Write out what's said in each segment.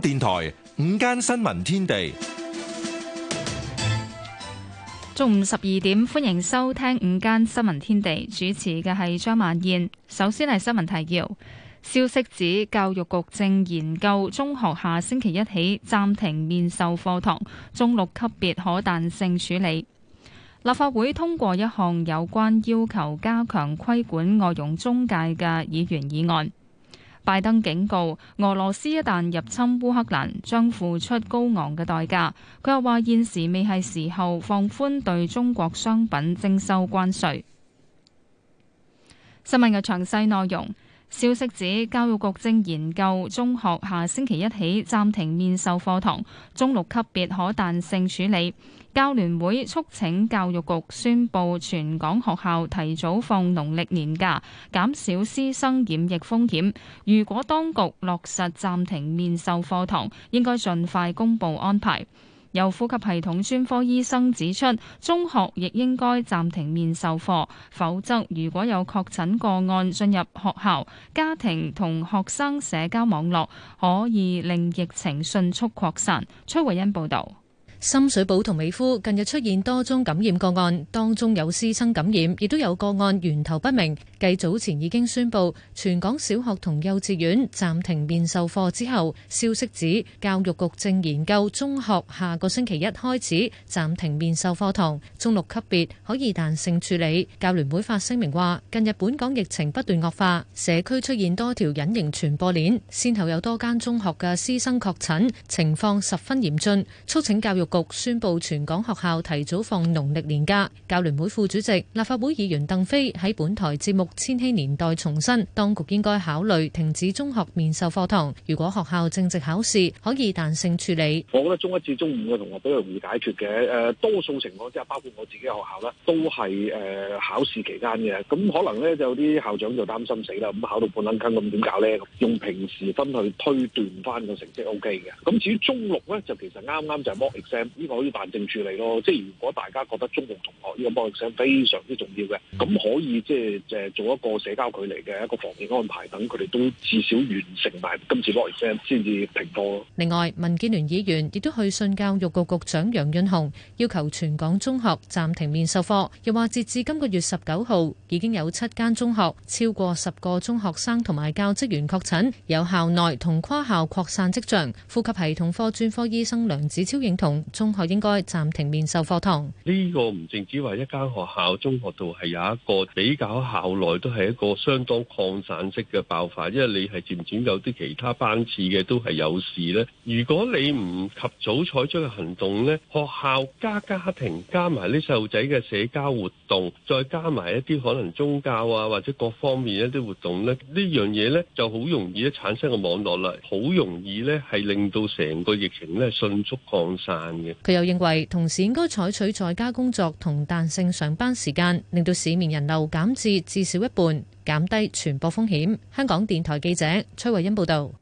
電台午間新聞天地，中午十二點，歡迎收聽午間新聞天地，主持嘅係張曼燕。首先係新聞提要，消息指教育局正研究中學下星期一起暫停面授課堂，中六級別可彈性處理。立法會通過一項有關要求加強規管外佣中介嘅議員議案。拜登警告，俄羅斯一旦入侵烏克蘭將付出高昂嘅代價，佢又話現時未係時候放寬對中國商品徵收關稅。新聞嘅詳細內容。消息指教育局正研究中學下星期一起暫停面授課堂，中六級別可彈性處理。教聯會促請教育局宣布全港學校提早放農曆年假，減少師生染疫風險。如果當局落實暫停面授課堂，應該盡快公布安排。有呼吸系統專科醫生指出，中學亦應該暫停面授課，否則如果有確診個案進入學校，家庭同學生社交網絡可以令疫情迅速擴散。崔慧恩報道。深水埗同美孚近日出現多宗感染個案，當中有師生感染，亦都有個案源頭不明。繼早前已經宣布全港小學同幼稚園暫停面授課之後，消息指教育局正研究中學下個星期一開始暫停面授課堂，中六級別可以彈性處理。教聯會發聲明話：近日本港疫情不斷惡化，社區出現多條隱形傳播鏈，先後有多間中學嘅師生確診，情況十分嚴峻，促請教育局宣布全港學校提早放農曆年假。教聯會副主席、立法會議員鄧飛喺本台節目《千禧年代》重申，當局應該考慮停止中學面授課堂。如果學校正值考試，可以彈性處理。我覺得中一至中五嘅同學比較容易解決嘅。誒，多數情況之下包括我自己學校啦，都係誒、呃、考試期間嘅。咁可能咧就有啲校長就擔心死啦。咁考到半捻坑咁點搞咧？用平時分去推斷翻個成績 OK 嘅。咁至於中六咧，就其實啱啱就 m 呢個可以辦證處理咯，即係如果大家覺得中共同學呢個我想非常之重要嘅，咁可以即係誒做一個社交距離嘅一個防疫安排，等佢哋都至少完成埋今次 lockdown 先至停課。另外，民建聯議員亦都去信教育局局長楊潤雄，要求全港中學暫停面授課，又話截至今個月十九號，已經有七間中學超過十個中學生同埋教職員確診，有校內同跨校擴散跡象。呼吸系統科專科醫生梁子超認同。中學應該暫停面授課堂。呢個唔淨止話一間學校，中學度係有一個比較校內都係一個相當擴散式嘅爆發，因為你係漸漸有啲其他班次嘅都係有事咧。如果你唔及早採取嘅行動咧，學校加家庭加埋啲細路仔嘅社交活動，再加埋一啲可能宗教啊，或者各方面一啲活動咧，呢樣嘢咧就好容易咧產生個網絡啦，好容易咧係令到成個疫情咧迅速擴散。佢又認為，同時應該採取在家工作同彈性上班時間，令到市面人流減至至少一半，減低傳播風險。香港電台記者崔慧欣報導。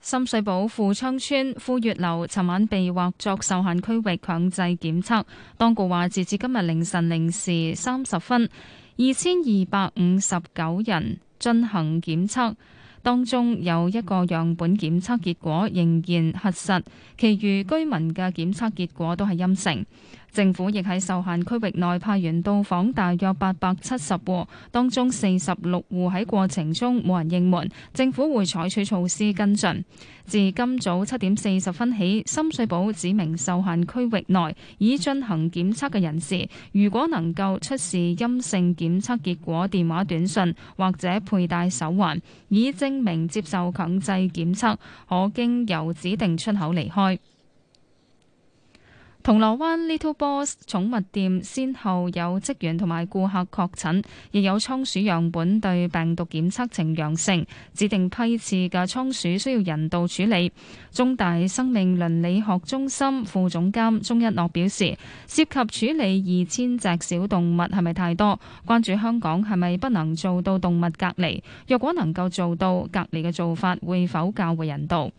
深水埗富昌村富月樓尋晚被劃作受限區域強制檢測，當局話，截至今日凌晨零時三十分，二千二百五十九人進行檢測。當中有一個樣本檢測結果仍然核實，其餘居民嘅檢測結果都係陰性。政府亦喺受限區域內派員到訪大約八百七十戶，當中四十六戶喺過程中冇人應門，政府會採取措施跟進。自今早七點四十分起，深水埗指明受限區域內已進行檢測嘅人士，如果能夠出示陰性檢測結果、電話短信或者佩戴手環，以證明接受強制檢測，可經由指定出口離開。銅鑼灣 Little Boss 寵物店先後有職員同埋顧客確診，亦有倉鼠樣本對病毒檢測呈陽性，指定批次嘅倉鼠需要人道處理。中大生命倫理學中心副總監鍾一諾表示，涉及處理二千隻小動物係咪太多？關注香港係咪不能做到動物隔離？若果能夠做到隔離嘅做法，會否較為人道？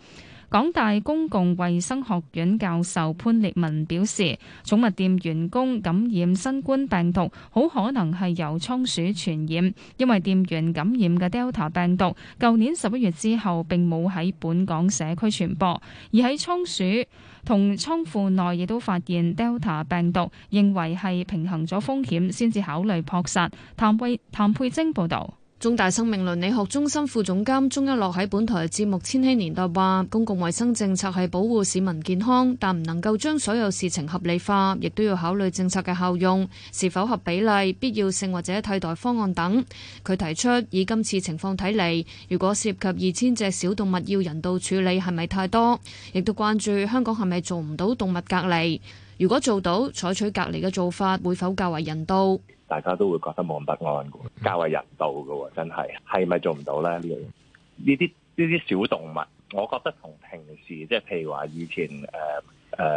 港大公共衛生學院教授潘烈文表示，寵物店員工感染新冠病毒，好可能係由倉鼠傳染，因為店員感染嘅 Delta 病毒，舊年十一月之後並冇喺本港社區傳播，而喺倉鼠同倉庫內亦都發現 Delta 病毒，認為係平衡咗風險先至考慮撲殺。譚佩譚佩晶報道。中大生命倫理學中心副總監鍾一樂喺本台節目《千禧年代》話，公共衛生政策係保護市民健康，但唔能夠將所有事情合理化，亦都要考慮政策嘅效用，是否合比例、必要性或者替代方案等。佢提出，以今次情況睇嚟，如果涉及二千隻小動物要人道處理，係咪太多？亦都關注香港係咪做唔到動物隔離？如果做到，採取隔離嘅做法會否較為人道？大家都會覺得冇咁不安嘅，mm hmm. 較為人道嘅喎，真係係咪做唔到咧？呢樣呢啲呢啲小動物，我覺得同平時即係譬如話以前誒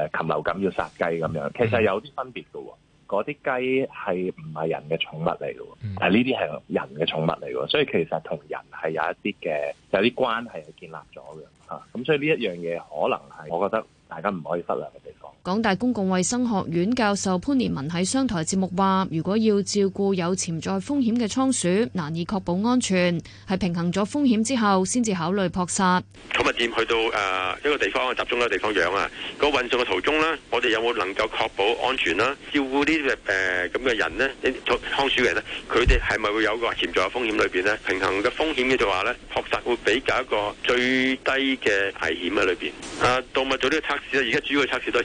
誒禽流感要殺雞咁樣，其實有啲分別嘅喎。嗰啲雞係唔係人嘅寵物嚟嘅？Mm hmm. 但係呢啲係人嘅寵物嚟嘅，所以其實同人係有一啲嘅有啲關係係建立咗嘅嚇。咁、啊、所以呢一樣嘢可能係我覺得大家唔可以忽略嘅地方。港大公共衛生學院教授潘連文喺商台節目話，如果要照顧有潛在風險嘅倉鼠，難以確保安全，係平衡咗風險之後先至考慮撲殺。寵物店去到誒一個地方集中一個地方養啊，個運送嘅途中咧，我哋有冇能夠確保安全啦？照顧呢啲誒咁嘅人呢？倉鼠嘅呢，佢哋係咪會有個潛在嘅風險裏邊咧？平衡嘅風險嘅就話呢，撲殺會比較一個最低嘅危險喺裏邊。啊，動物做呢個測試咧，而家主要嘅測試都係。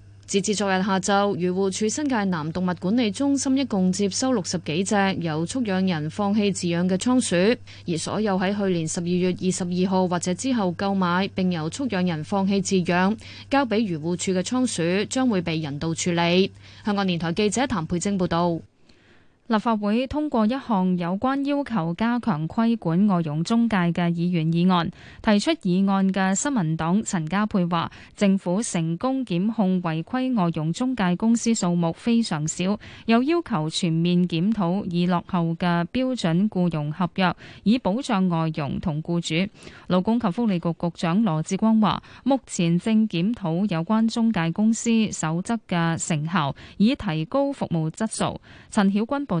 截至昨日下晝，漁護署新界南動物管理中心一共接收六十幾隻由畜養人放棄飼養嘅倉鼠，而所有喺去年十二月二十二號或者之後購買並由畜養人放棄飼養，交俾漁護署嘅倉鼠，將會被人道處理。香港電台記者譚佩晶報道。立法會通過一項有關要求加強規管外傭中介嘅議員議案。提出議案嘅新民黨陳家佩話，政府成功檢控違規外傭中介公司數目非常少，又要求全面檢討已落後嘅標準僱傭合約，以保障外傭同僱主。勞工及福利局局，局長羅志光話，目前正檢討有關中介公司守則嘅成效，以提高服務質素。陳曉君報。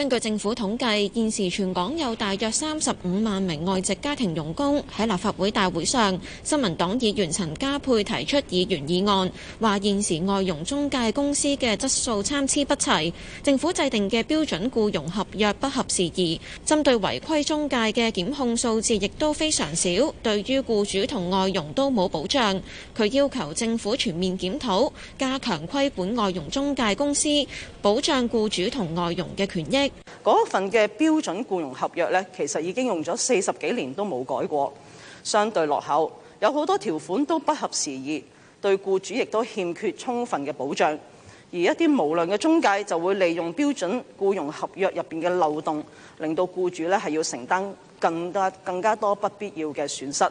根據政府統計，現時全港有大約三十五萬名外籍家庭傭工。喺立法會大會上，新民黨議員陳家佩提出議員議案，話現時外傭中介公司嘅質素參差不齊，政府制定嘅標準雇傭合約不合時宜。針對違規中介嘅檢控數字亦都非常少，對於雇主同外傭都冇保障。佢要求政府全面檢討，加強規管外傭中介公司，保障雇主同外傭嘅權益。嗰份嘅標準僱傭合約咧，其實已經用咗四十幾年都冇改過，相對落後，有好多條款都不合時宜，對僱主亦都欠缺充分嘅保障，而一啲無良嘅中介就會利用標準僱傭合約入邊嘅漏洞，令到僱主咧係要承擔更加更加多不必要嘅損失。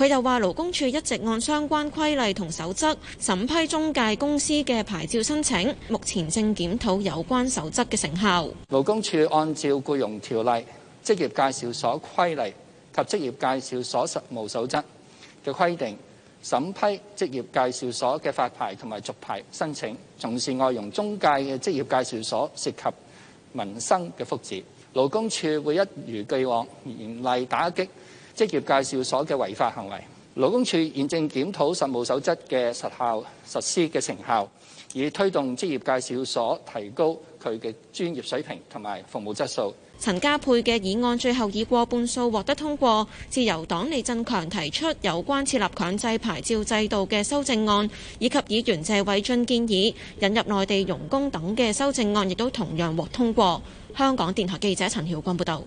佢又話：勞工處一直按相關規例同守則審批中介公司嘅牌照申請，目前正檢討有關守則嘅成效。勞工處按照僱傭條例、職業介紹所規例及職業介紹所實務守則嘅規定審批職業介紹所嘅發牌同埋續牌申請。從事外傭中介嘅職業介紹所涉及民生嘅福祉，勞工處會一如既往嚴厲打擊職業介紹所嘅違法行為，勞工處現正檢討實務守則嘅實效實施嘅成效，以推動職業介紹所提高佢嘅專業水平同埋服務質素。陳家佩嘅議案最後以過半數獲得通過。自由黨李振強提出有關設立強制牌照制度嘅修正案，以及議員謝偉俊建議引入內地傭工等嘅修正案，亦都同樣獲通過。香港電台記者陳曉君報導。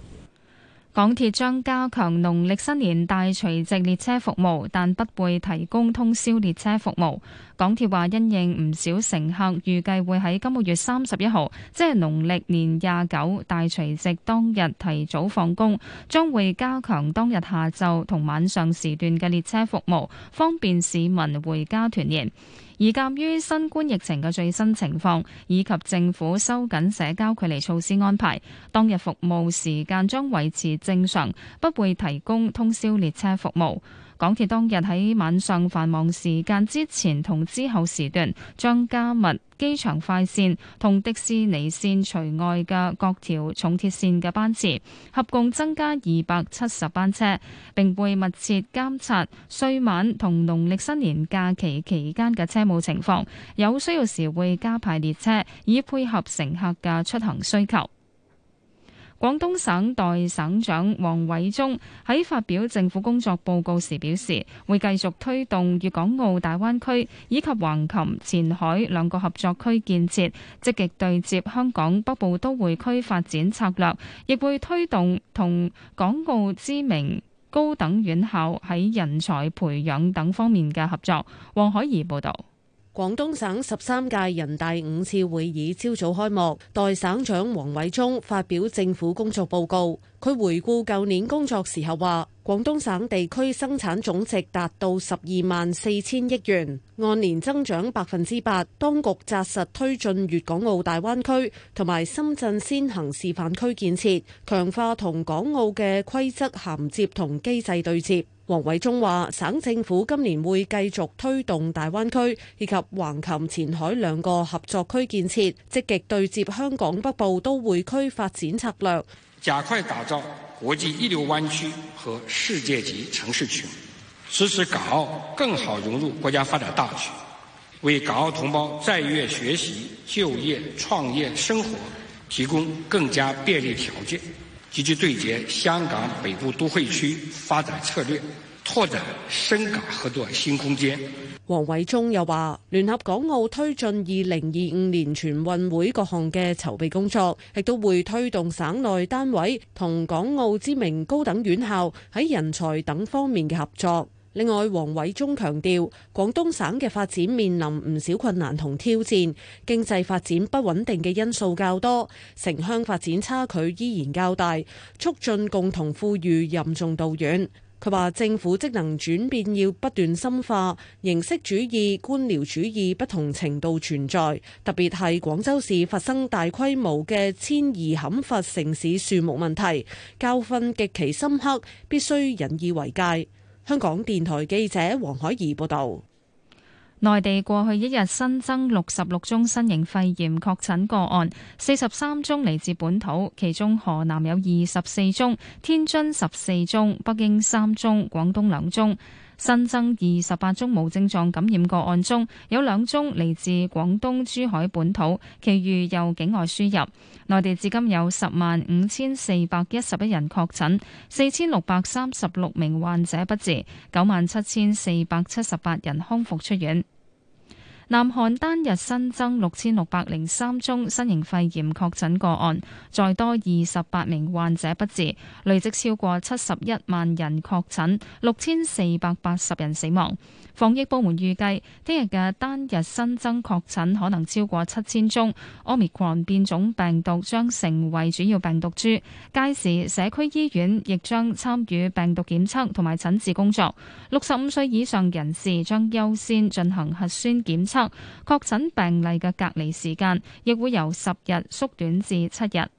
港鐵將加強農曆新年大除夕列車服務，但不會提供通宵列車服務。港鐵話，因應唔少乘客預計會喺今個月三十一號，即係農曆年廿九大除夕當日提早放工，將會加強當日下晝同晚上時段嘅列車服務，方便市民回家團年。而鑒於新冠疫情嘅最新情況以及政府收緊社交距離措施安排，當日服務時間將維持正常，不會提供通宵列車服務。港鐵當日喺晚上繁忙時間之前同之後時段，將加密機場快線同迪士尼線除外嘅各條重鐵線嘅班次，合共增加二百七十班車。並會密切監察歲晚同農曆新年假期期間嘅車務情況，有需要時會加派列車，以配合乘客嘅出行需求。廣東省代省長王偉中喺發表政府工作報告時表示，會繼續推動粵港澳大灣區以及橫琴前海兩個合作區建設，積極對接香港北部都會區發展策略，亦會推動同港澳知名高等院校喺人才培養等方面嘅合作。黃海怡報道。廣東省十三屆人大五次會議朝早開幕，代省長王偉中發表政府工作報告。佢回顧舊年工作時候話，廣東省地區生產總值達到十二萬四千億元，按年增長百分之八。當局紮實推進粵港澳大灣區同埋深圳先行示範區建設，強化同港澳嘅規則銜接同機制對接。王偉中話：省政府今年會繼續推動大灣區以及橫琴前海兩個合作區建設，積極對接香港北部都會區發展策略，加快打造國際一流灣區和世界級城市群，支持港澳更好融入國家發展大局，為港澳同胞在粵學習、就業、創業、生活提供更加便利條件。積極對接香港北部都會區發展策略，拓展深港合作新空間。王偉中又話，聯合港澳推進二零二五年全運會各項嘅籌備工作，亦都會推動省內單位同港澳知名高等院校喺人才等方面嘅合作。另外，王偉中強調，廣東省嘅發展面臨唔少困難同挑戰，經濟發展不穩定嘅因素較多，城鄉發展差距依然較大，促進共同富裕任重道遠。佢話，政府職能轉變要不斷深化，形式主義、官僚主義不同程度存在，特別係廣州市發生大規模嘅遷移砍伐城市樹木問題，教訓極其深刻，必須引以為戒。香港電台記者王海怡報道：內地過去一日新增六十六宗新型肺炎確診個案，四十三宗嚟自本土，其中河南有二十四宗，天津十四宗，北京三宗，廣東兩宗。新增二十八宗無症狀感染個案中，有兩宗嚟自廣東珠海本土，其餘由境外輸入。內地至今有十萬五千四百一十一人確診，四千六百三十六名患者不治，九萬七千四百七十八人康復出院。南韓單日新增六千六百零三宗新型肺炎確診個案，再多二十八名患者不治，累積超過七十一萬人確診，六千四百八十人死亡。防疫部門預計，聽日嘅單日新增確診可能超過七千宗，Omicron 變種病毒將成為主要病毒株。屆時社區醫院亦將參與病毒檢測同埋診治工作。六十五歲以上人士將優先進行核酸檢測，確診病例嘅隔離時間亦會由十日縮短至七日。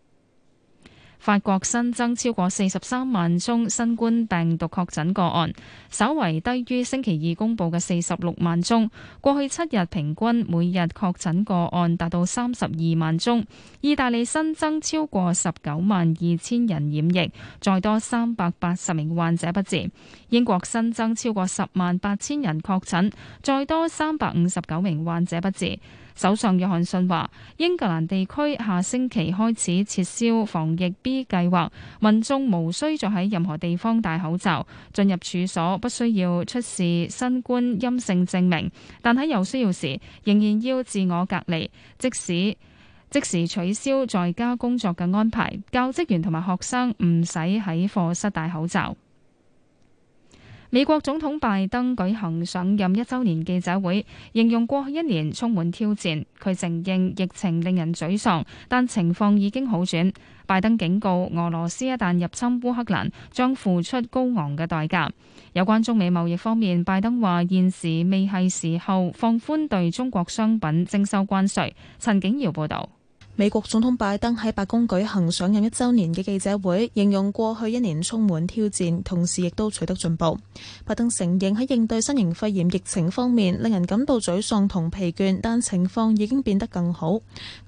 法國新增超過四十三萬宗新冠病毒確診個案，稍為低於星期二公布嘅四十六萬宗。過去七日平均每日確診個案達到三十二萬宗。意大利新增超過十九萬二千人染疫，再多三百八十名患者不治。英國新增超過十萬八千人確診，再多三百五十九名患者不治。首相約翰遜話：英格蘭地區下星期開始撤銷防疫 B 計劃，民眾無需再喺任何地方戴口罩，進入處所不需要出示新冠陰性證明，但喺有需要時仍然要自我隔離。即使即時取消在家工作嘅安排，教職員同埋學生唔使喺課室戴口罩。美國總統拜登舉行上任一周年記者會，形容過去一年充滿挑戰。佢承認疫情令人沮喪，但情況已經好轉。拜登警告俄羅斯一旦入侵烏克蘭，將付出高昂嘅代價。有關中美貿易方面，拜登話現時未係時候放寬對中國商品徵收關稅。陳景堯報道。美國總統拜登喺白宮舉行上任一周年嘅記者會，形容過去一年充滿挑戰，同時亦都取得進步。拜登承認喺應對新型肺炎疫情方面令人感到沮喪同疲倦，但情況已經變得更好。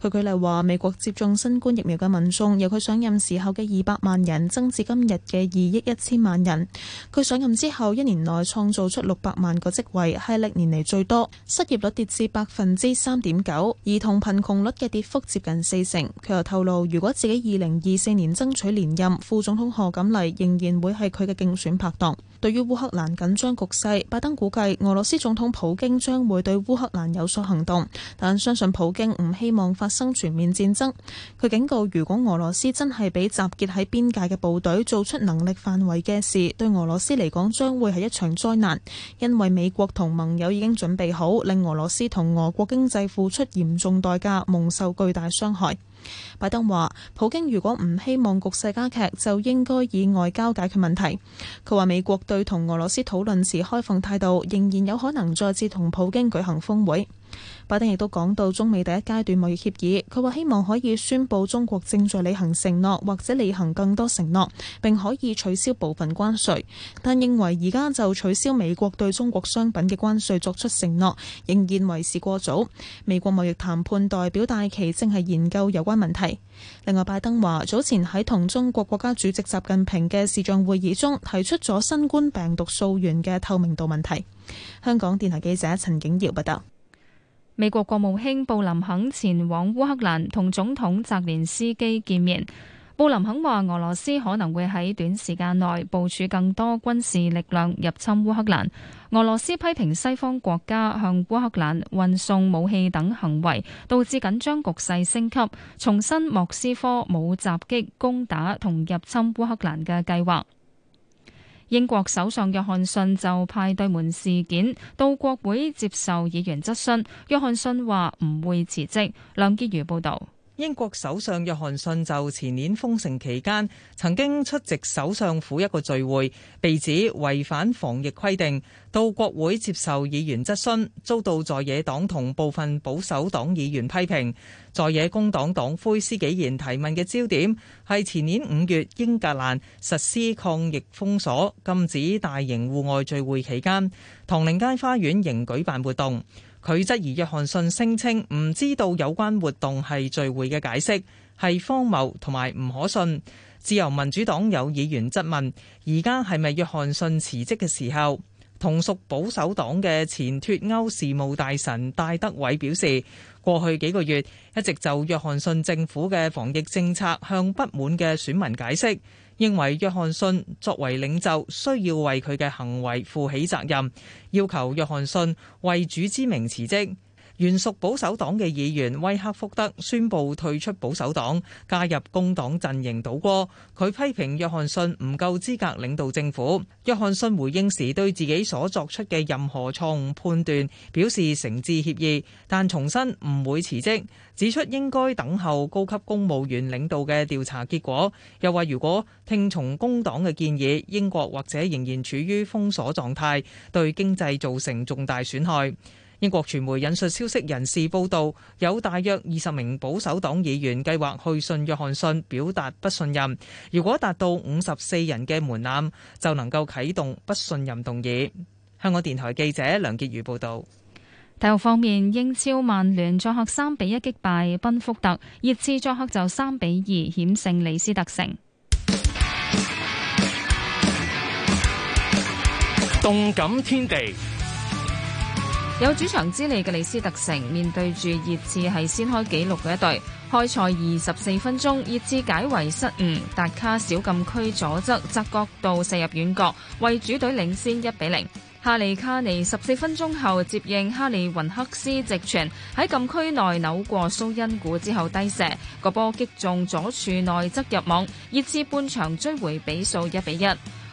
佢舉例話，美國接種新冠疫苗嘅民眾由佢上任時候嘅二百萬人增至今日嘅二億一千萬人。佢上任之後一年內創造出六百萬個職位，係歷年嚟最多。失業率跌至百分之三點九，兒童貧窮率嘅跌幅接近四成，佢又透露，如果自己二零二四年爭取連任，副總統賀錦麗仍然會係佢嘅競選拍檔。對於烏克蘭緊張局勢，拜登估計俄羅斯總統普京將會對烏克蘭有所行動，但相信普京唔希望發生全面戰爭。佢警告，如果俄羅斯真係畀集結喺邊界嘅部隊做出能力範圍嘅事，對俄羅斯嚟講將會係一場災難，因為美國同盟友已經準備好，令俄羅斯同俄國經濟付出嚴重代價，蒙受巨大傷害。拜登話：普京如果唔希望局勢加劇，就應該以外交解決問題。佢話美國對同俄羅斯討論時開放態度，仍然有可能再次同普京舉行峰會。拜登亦都講到中美第一階段貿易協議，佢話希望可以宣布中國正在履行承諾或者履行更多承諾，並可以取消部分關稅。但認為而家就取消美國對中國商品嘅關稅作出承諾，仍然為時過早。美國貿易談判代表戴琪正係研究有關問題。另外，拜登話早前喺同中國國家主席習近平嘅視像會議中提出咗新冠病毒溯源嘅透明度問題。香港電台記者陳景耀報道。美國國務卿布林肯前往烏克蘭同總統澤連斯基見面。布林肯話：俄羅斯可能會喺短時間內部署更多軍事力量入侵烏克蘭。俄羅斯批評西方國家向烏克蘭運送武器等行為，導致緊張局勢升級，重申莫斯科冇襲擊、攻打同入侵烏克蘭嘅計劃。英國首相約翰遜就派對門事件到國會接受議員質詢。約翰遜話唔會辭職。梁潔如報道。英國首相約翰遜就前年封城期間曾經出席首相府一個聚會，被指違反防疫規定，到國會接受議員質詢，遭到在野黨同部分保守黨議員批評。在野工黨黨魁施紀賢提問嘅焦點係前年五月英格蘭實施抗疫封鎖、禁止大型戶外聚會期間，唐寧街花園仍舉辦活動。佢質疑約翰遜聲稱唔知道有關活動係聚會嘅解釋，係荒謬同埋唔可信。自由民主黨有議員質問：而家係咪約翰遜辭職嘅時候？同屬保守黨嘅前脫歐事務大臣戴德偉表示，過去幾個月一直就約翰遜政府嘅防疫政策向不滿嘅選民解釋。認為約翰遜作為領袖需要為佢嘅行為負起責任，要求約翰遜為主之名辭職。原屬保守黨嘅議員威克福德宣布退出保守黨，加入工黨陣營倒戈。佢批評約翰遜唔夠資格領導政府。約翰遜回應時對自己所作出嘅任何錯誤判斷表示誠摯歉意，但重申唔會辭職，指出應該等候高級公務員領導嘅調查結果。又話如果聽從工黨嘅建議，英國或者仍然處於封鎖狀態，對經濟造成重大損害。英國傳媒引述消息人士報道，有大約二十名保守黨議員計劃去信約翰遜，表達不信任。如果達到五十四人嘅門檻，就能夠啟動不信任動議。香港電台記者梁潔如報道。體育方面，英超曼聯作客三比一擊敗賓福特，熱刺作客就三比二險勝李斯特城。動感天地。有主場之利嘅利斯特城面對住熱刺係先開紀錄嘅一隊，開賽二十四分鐘熱刺解圍失誤，達卡小禁區左側側角度射入遠角，為主隊領先一比零。哈利卡尼十四分鐘後接應哈利雲克斯直傳，喺禁區內扭過蘇恩古之後低射，個波擊中左柱內側入網，熱刺半場追回比數一比一。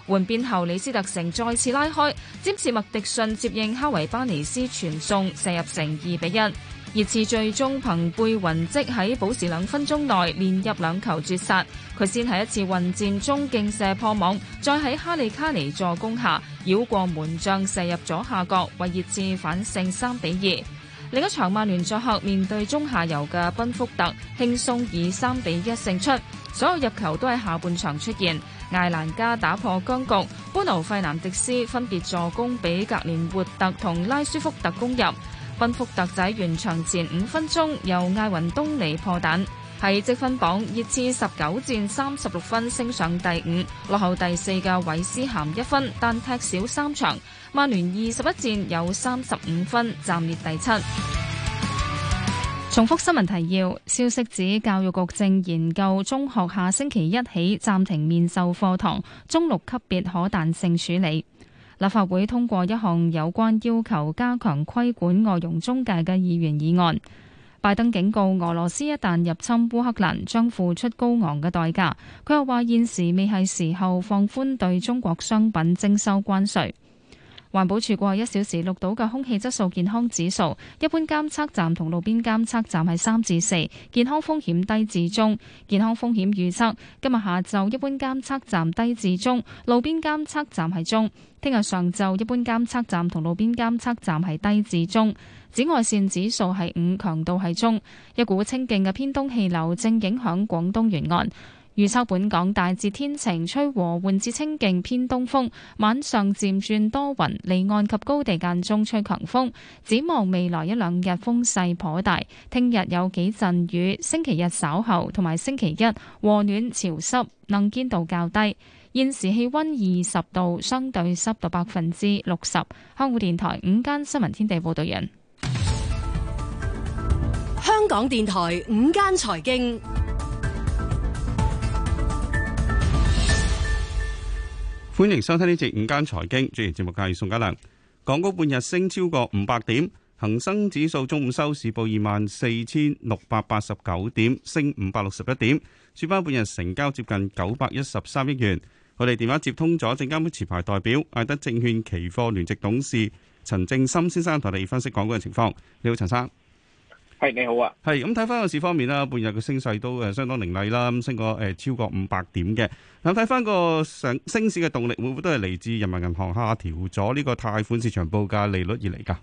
換邊後，李斯特城再次拉開，占士麥迪遜接應哈維巴尼斯傳送射入成二比一。熱刺最終憑貝雲積喺補時兩分鐘內連入兩球絕殺。佢先係一次混戰中勁射破網，再喺哈利卡尼助攻下繞過門將射入左下角，為熱刺反勝三比二。另一場曼聯作客面對中下游嘅賓福特，輕鬆以三比一勝出，所有入球都係下半場出現。艾蘭加打破僵局，般奴費南迪斯分別助攻比格連活特同拉舒福特攻入。賓福特仔完場前五分鐘由艾雲東尼破蛋。喺積分榜熱刺，十九戰三十六分升上第五，落後第四嘅韋斯咸一分，但踢少三場。曼聯二十一戰有三十五分，暫列第七。重複新聞提要：消息指教育局正研究中學下星期一起暫停面授課堂，中六級別可彈性處理。立法會通過一項有關要求加強規管外傭中介嘅議員議案。拜登警告俄羅斯一旦入侵烏克蘭，將付出高昂嘅代價。佢又話：現時未係時候放寬對中國商品徵收關稅。環保署過去一小時錄到嘅空氣質素健康指數，一般監測站同路邊監測站係三至四，健康風險低至中。健康風險預測今日下晝一般監測站低至中，路邊監測站係中。聽日上晝一般監測站同路邊監測站係低至中。紫外線指數係五，強度係中。一股清勁嘅偏東氣流正影響廣東沿岸。預測本港大致天晴，吹和緩至清勁偏東風，晚上漸轉多雲，離岸及高地間中吹強風。展望未來一兩日風勢頗大，聽日有幾陣雨，星期日稍後同埋星期一和暖潮濕，能見度較低。現時氣溫二十度，相對濕度百分之六十。香港電台午間新聞天地報道人，香港電台午間財經。歡迎收聽呢節午間財經，主持節目嘅係宋家良。港股半日升超過五百點，恒生指數中午收市報二萬四千六百八十九點，升五百六十一點。主板半日成交接近九百一十三億元。我哋電話接通咗證監會持牌代表，艾德證券期貨聯席董事陳正森先生同你分析港股嘅情況。你好，陳生。係，你好啊，係咁睇翻個市方面啦，半日嘅升勢都誒相當凌厲啦，咁升過誒、呃、超過五百點嘅。咁睇翻個成升市嘅動力，會唔會都係嚟自人民銀行下調咗呢個貸款市場報價利率而嚟噶？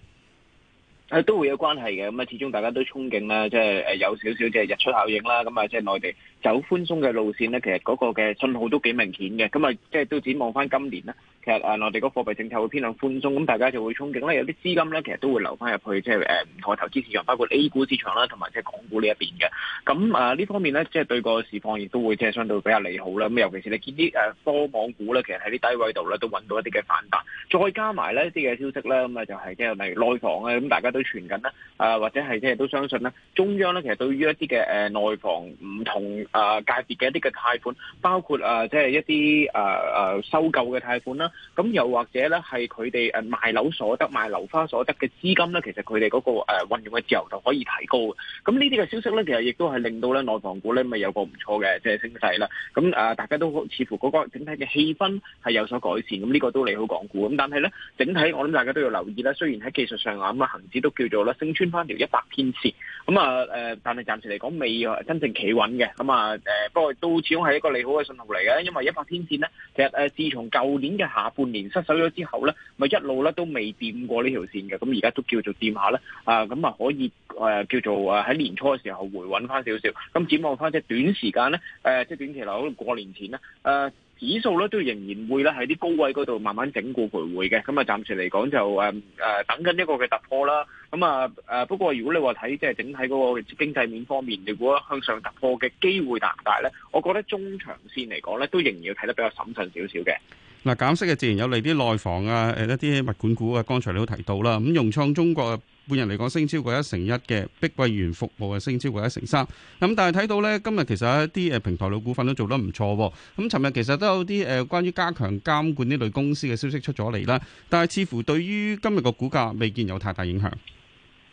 誒，都會有關係嘅。咁啊，始終大家都憧憬啦，即係誒有少少嘅日出效應啦。咁啊，即係內地走寬鬆嘅路線呢，其實嗰個嘅信號都幾明顯嘅。咁啊，即係都展望翻今年啦。其實誒，內地個貨幣政策會偏向寬鬆，咁大家就會憧憬咧。有啲資金咧，其實都會留翻入去，即係唔同嘅投資市場，包括 A 股市場啦，同埋即係港股呢一邊嘅。咁啊，呢方面咧，即係對個市況亦都會即係相對比較利好啦。咁尤其是你見啲誒科網股咧，其實喺啲低位度咧都揾到一啲嘅反彈。再加埋呢一啲嘅消息咧，咁啊就係即係例如內房啊，咁大家都傳緊啦，啊或者係即係都相信咧，中央咧其實對於一啲嘅誒內房唔同啊界別嘅一啲嘅貸款，包括啊即係一啲誒誒收購嘅貸款啦。咁又或者咧，係佢哋誒賣樓所得、賣樓花所得嘅資金咧，其實佢哋嗰個誒運用嘅自由度可以提高嘅。咁呢啲嘅消息咧，其實亦都係令到咧內房股咧咪有個唔錯嘅即係升勢啦。咁誒，大家都似乎嗰個整體嘅氣氛係有所改善，咁呢個都利好港股。咁但係咧，整體我諗大家都要留意啦。雖然喺技術上啊咁啊，恆指都叫做咧升穿翻條一百天線，咁啊誒，但係暫時嚟講未真正企穩嘅。咁啊誒，不過都始終係一個利好嘅信號嚟嘅，因為一百天線咧，其實誒自從舊年嘅下半年失守咗之後咧，咪一路咧都未掂過呢條線嘅，咁而家都叫做掂下咧，啊，咁啊可以誒、呃、叫做誒喺年初嘅時候回穩翻少少，咁、嗯、展望翻即係短時間咧，誒即係短期嚟講過年前咧，誒、呃、指數咧都仍然會咧喺啲高位嗰度慢慢整固徘徊嘅，咁、嗯、啊暫時嚟講就誒誒、呃、等緊一個嘅突破啦，咁啊誒、啊、不過如果你話睇即係整體嗰個經濟面方面，你估向上突破嘅機會大唔大咧？我覺得中長線嚟講咧都仍然要睇得比較審慎少少嘅。嗱，減息嘅自然有利啲內房啊，誒一啲物管股啊，剛才你都提到啦。咁、嗯、融創中國半日嚟講升超過一成一嘅，碧桂園服務啊升超過一成三、嗯。咁但係睇到咧，今日其實、啊、一啲誒平台老股份都做得唔錯、啊。咁、嗯、尋日其實都有啲誒、呃、關於加強監管呢類公司嘅消息出咗嚟啦，但係似乎對於今日個股價未見有太大影響。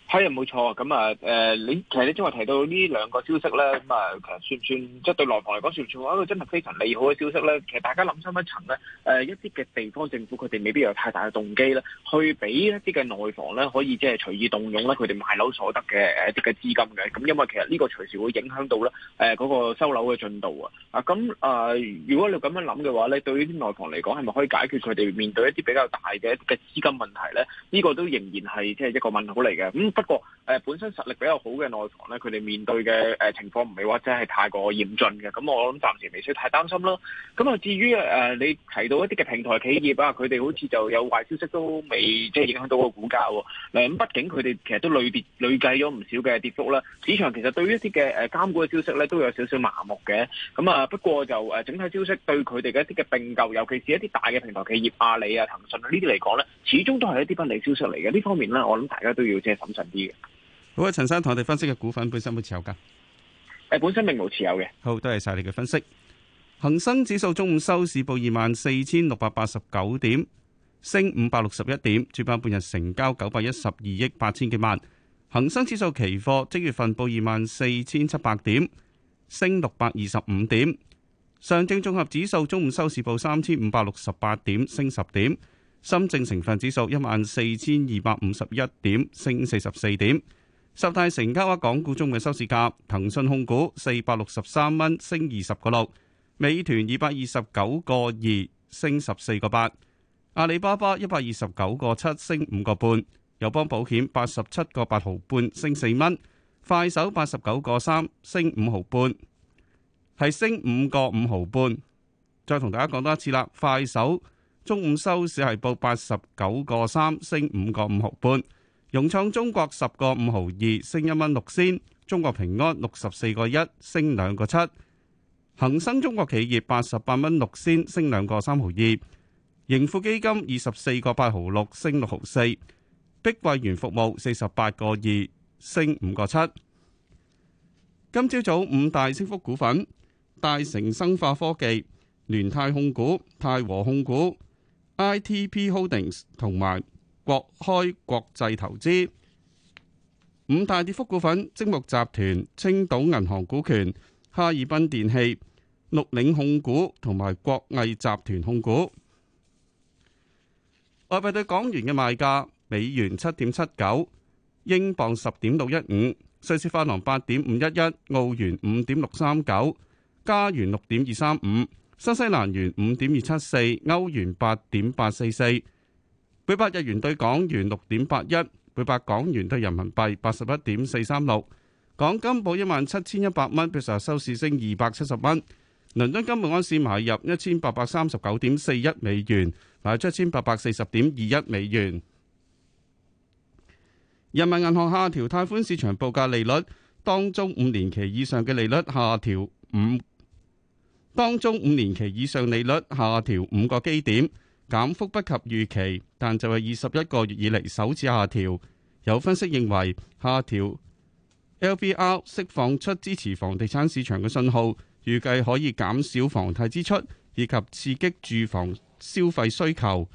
係呀，冇錯，咁啊誒，你、呃、其實你即係提到呢兩個消息咧，咁啊其實算唔算即係對內房嚟講，算唔算話一個真係非常利好嘅消息咧？其實大家諗深、呃、一層咧，誒一啲嘅地方政府佢哋未必有太大嘅動機咧，去俾一啲嘅內房咧可以即係隨意動用咧佢哋賣樓所得嘅一啲嘅資金嘅，咁因為其實呢個隨時會影響到咧誒嗰個收樓嘅進度啊。啊咁啊，如果你咁樣諗嘅話咧，對於內房嚟講係咪可以解決佢哋面對一啲比較大嘅一啲嘅資金問題咧？呢、呢個都仍然係即係一個問號嚟嘅咁。嗯不過，誒、呃、本身實力比較好嘅內房咧，佢哋面對嘅誒、呃、情況唔係話真係太過嚴峻嘅，咁、嗯、我諗暫時未需太擔心啦。咁、嗯、啊，至於誒、呃、你提到一啲嘅平台企業啊，佢哋好似就有壞消息都未即係影響到個股價。嗱、嗯，咁畢竟佢哋其實都累別累計咗唔少嘅跌幅啦。市場其實對於一啲嘅誒監管嘅消息咧都有少少麻木嘅。咁、嗯、啊、嗯，不過就誒整體消息對佢哋嘅一啲嘅並購，尤其是一啲大嘅平台企業阿里啊，啊、騰訊啊呢啲嚟講咧，始終都係一啲不利消息嚟嘅。呢方面咧，我諗大家都要即係審慎。好啊，陳生同我哋分析嘅股份本身有冇持有噶？誒，本身並冇持有嘅。好，多謝晒你嘅分析。恒生指數中午收市報二萬四千六百八十九點，升五百六十一點，主板半日成交九百一十二億八千幾萬。恒生指數期貨即月份報二萬四千七百點，升六百二十五點。上證綜合指數中午收市報三千五百六十八點，升十點。深證成分指數一萬四千二百五十一點，升四十四點。十大成交額港股中嘅收市價，騰訊控股四百六十三蚊，升二十個六；美團二百二十九個二，升十四個八；阿里巴巴一百二十九個七，5, 升五個半；友邦保險八十七個八毫半，升四蚊；快手八十九個三，升五毫半，係升五個五毫半。再同大家講多一次啦，快手。中午收市係報八十九個三，升五個五毫半。融創中國十個五毫二，升一蚊六仙。中國平安六十四個一，升兩個七。恒生中國企業八十八蚊六仙，升兩個三毫二。盈富基金二十四個八毫六，升六毫四。碧桂園服務四十八個二，升五個七。今朝早五大升幅股份：大成生化科技、聯泰控股、泰和控股。ITP Holdings 同埋國開國際投資。五大跌幅股份：精木集團、青島銀行股權、哈爾濱電器、綠嶺控股同埋國藝集團控股。外幣對港元嘅賣價：美元七點七九，英鎊十點六一五，瑞士法郎八點五一一，澳元五點六三九，加元六點二三五。新西蘭元五點二七四，歐元八點八四四，每百日元對港元六點八一，每百港元對人民幣八十一點四三六。港金報一萬七千一百蚊，比上日收市升二百七十蚊。倫敦金每安士買入一千八百三十九點四一美元，買出一千八百四十點二一美元。人民銀行下調貸款市場報價利率，當中五年期以上嘅利率下調五。當中五年期以上利率下調五個基點，減幅不及預期，但就係二十一個月以嚟首次下調。有分析認為，下調 LPR 釋放出支持房地產市場嘅信號，預計可以減少房貸支出以及刺激住房消費需求。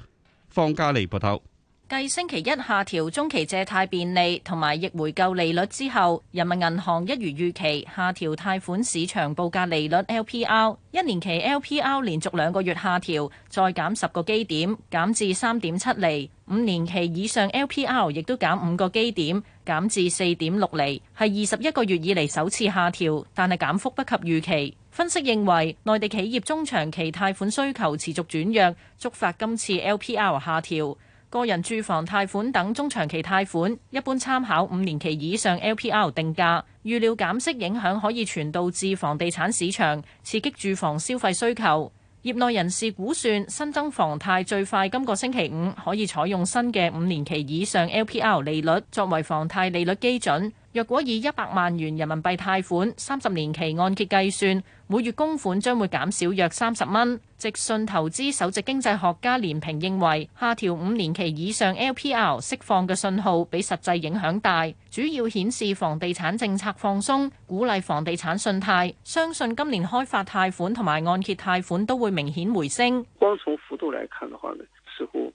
方家利報導。繼星期一下調中期借貸便利同埋逆回購利率之後，人民銀行一如預期下調貸款市場報價利率 （LPR）。一年期 LPR 連續兩個月下調，再減十個基點，減至三點七厘；五年期以上 LPR 亦都減五個基點，減至四點六厘，係二十一個月以嚟首次下調，但係減幅不及預期。分析認為，內地企業中長期貸款需求持續轉弱，觸發今次 LPR 下調。個人住房貸款等中長期貸款，一般參考五年期以上 LPR 定價。預料減息影響可以傳導至房地產市場，刺激住房消費需求。業內人士估算，新增房貸最快今個星期五可以採用新嘅五年期以上 LPR 利率作為房貸利率基準。若果以一百萬元人民幣貸款三十年期按揭計算，每月供款將會減少約三十蚊。直信投資首席經濟學家連平認為，下調五年期以上 LPR 釋放嘅信號比實際影響大，主要顯示房地產政策放鬆，鼓勵房地產信貸，相信今年開發貸款同埋按揭貸款都會明顯回升。光從幅度來看的話呢，似乎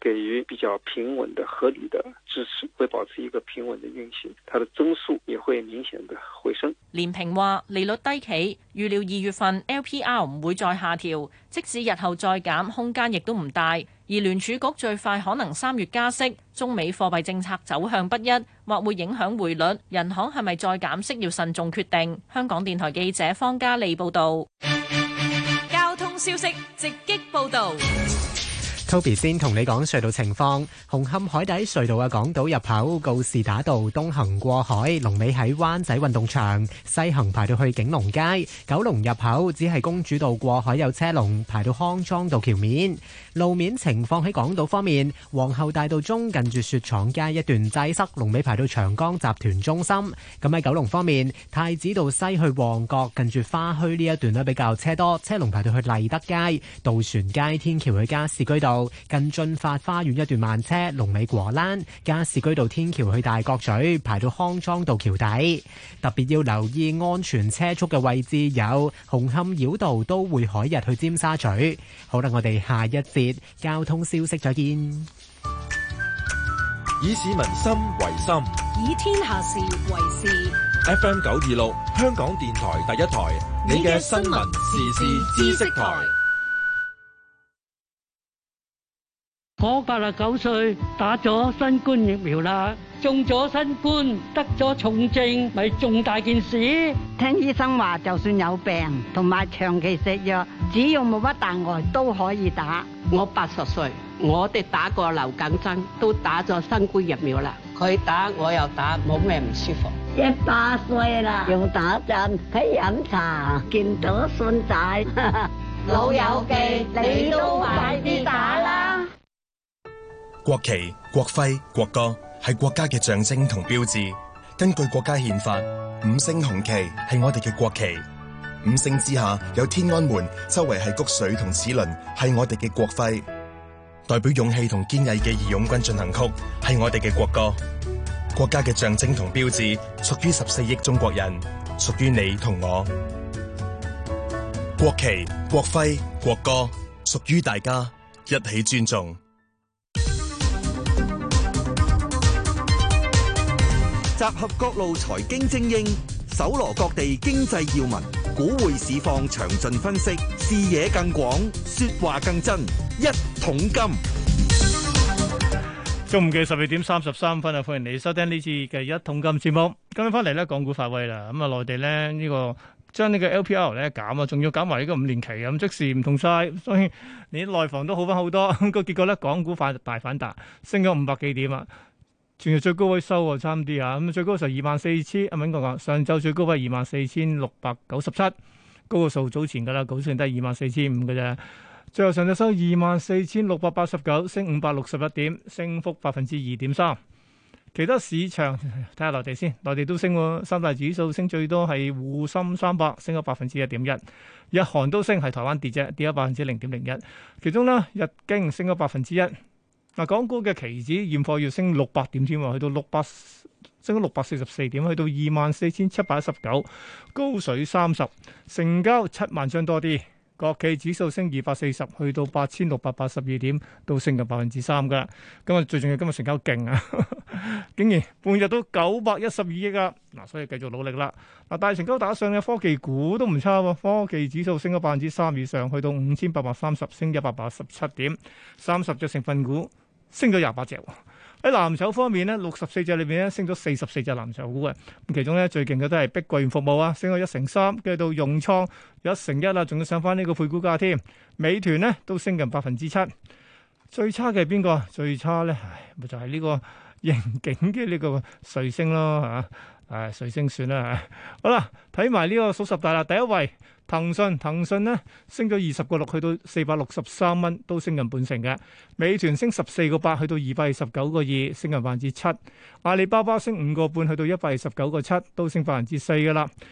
給予比較平穩的合理的支持，會保持一個平穩的運行，它的增速也會明顯的回升。連平話利率低企，預料二月份 LPR 唔會再下調，即使日後再減，空間亦都唔大。而聯儲局最快可能三月加息，中美貨幣政策走向不一，或會影響匯率。人行係咪再減息要慎重決定。香港電台記者方嘉莉報道。交通消息直擊報道。Toby 先同你講隧道情況，紅磡海底隧道嘅港島入口告士打道東行過海，龍尾喺灣仔運動場；西行排到去景隆街。九龍入口只係公主道過海有車龍，排到康莊道橋面。路面情況喺港島方面，皇后大道中近住雪廠街一段擠塞，龍尾排到長江集團中心。咁喺九龍方面，太子道西去旺角近住花墟呢一段咧比較車多，車龍排到去麗德街、渡船街天橋去加士居道。近駿發花園一段慢車，龍尾果欄，加士居道天橋去大角咀，排到康莊道橋底，特別要留意安全車速嘅位置有紅磡繞道、都會海日去尖沙咀。好啦，我哋下一節交通消息再見。以市民心為心，以天下事為事。FM 九二六，26，香港電台第一台，你嘅新聞時事知識台。我八十九歲，打咗新冠疫苗啦，中咗新冠，得咗重症，咪重大件事。聽醫生話，就算有病同埋長期食藥，只要冇乜大礙都可以打。我八十歲，我哋打過流感針，都打咗新冠疫苗啦。佢打，我又打，冇咩唔舒服。一百歲啦，用打針，喺飲茶，見到信仔。老友記，你都快啲打啦！國旗、國徽、國歌係國家嘅象徵同標誌。根據國家憲法，五星紅旗係我哋嘅國旗。五星之下有天安門，周圍係穀穗同齒輪，係我哋嘅國徽，代表勇氣同堅毅嘅《義勇軍進行曲》係我哋嘅國歌。國家嘅象徵同標誌屬於十四億中國人，屬於你同我。國旗、國徽、國歌屬於大家，一起尊重。集合各路財經精英，搜羅各地經濟要聞，股匯市況詳盡分析，視野更廣，說話更真。一桶金，中午嘅十二點三十三分啊！歡迎你收聽呢次嘅《一桶金》節目。今日翻嚟咧，港股發威啦！咁啊，內地咧呢個將呢個 LPR 咧減啊，仲要減埋呢個五年期咁，即時唔同晒，所以你內房都好翻好多。咁個結果咧，港股快大反彈，升咗五百幾點啊！全日最高位收高 24, 000, 啊，差唔多啊！咁最高成二萬四千，阿敏講講，上晝最高係二萬四千六百九十七，高個數早前噶啦，九成都係二萬四千五嘅啫。最後上晝收二萬四千六百八十九，升五百六十一點，升幅百分之二點三。其他市場睇下內地先，內地都升喎，三大指數升最多係滬深三百，升咗百分之一點一。日韓都升，係台灣跌啫，跌咗百分之零點零一。其中咧，日經升咗百分之一。嗱，港股嘅期指現貨要升六百點添，去到六百，升咗六百四十四點，去到二萬四千七百一十九，24, 19, 高水三十，成交七萬張多啲。國企指數升二百四十，去到八千六百八十二點，都升咗百分之三噶。今日最重要，今日成交勁啊，竟然半日都九百一十二億啊！嗱，所以繼續努力啦。嗱，大成交打上嘅科技股都唔差喎，科技指數升咗百分之三以上，去到五千八百三十，升一百八十七點，三十隻成分股。升咗廿八隻喎，喺藍籌方面咧，六十四隻裏邊咧，升咗四十四隻藍籌股嘅，咁其中咧最勁嘅都係碧桂園服務啊，升咗一成三，跟住到融創有一成一啦，仲要上翻呢個配股價添，美團咧都升近百分之七，最差嘅係邊個？最差咧，咪就係、是、呢個刑警嘅呢個瑞星咯，吓，誒，瑞星算啦，好啦，睇埋呢個數十大啦，第一位。騰訊，騰訊呢升咗二十個六，去到四百六十三蚊，都升近半成嘅。美團升十四個八，去到二百二十九個二，升近百分之七。阿里巴巴升五個半，去到一百二十九個七，都升百分之四噶啦。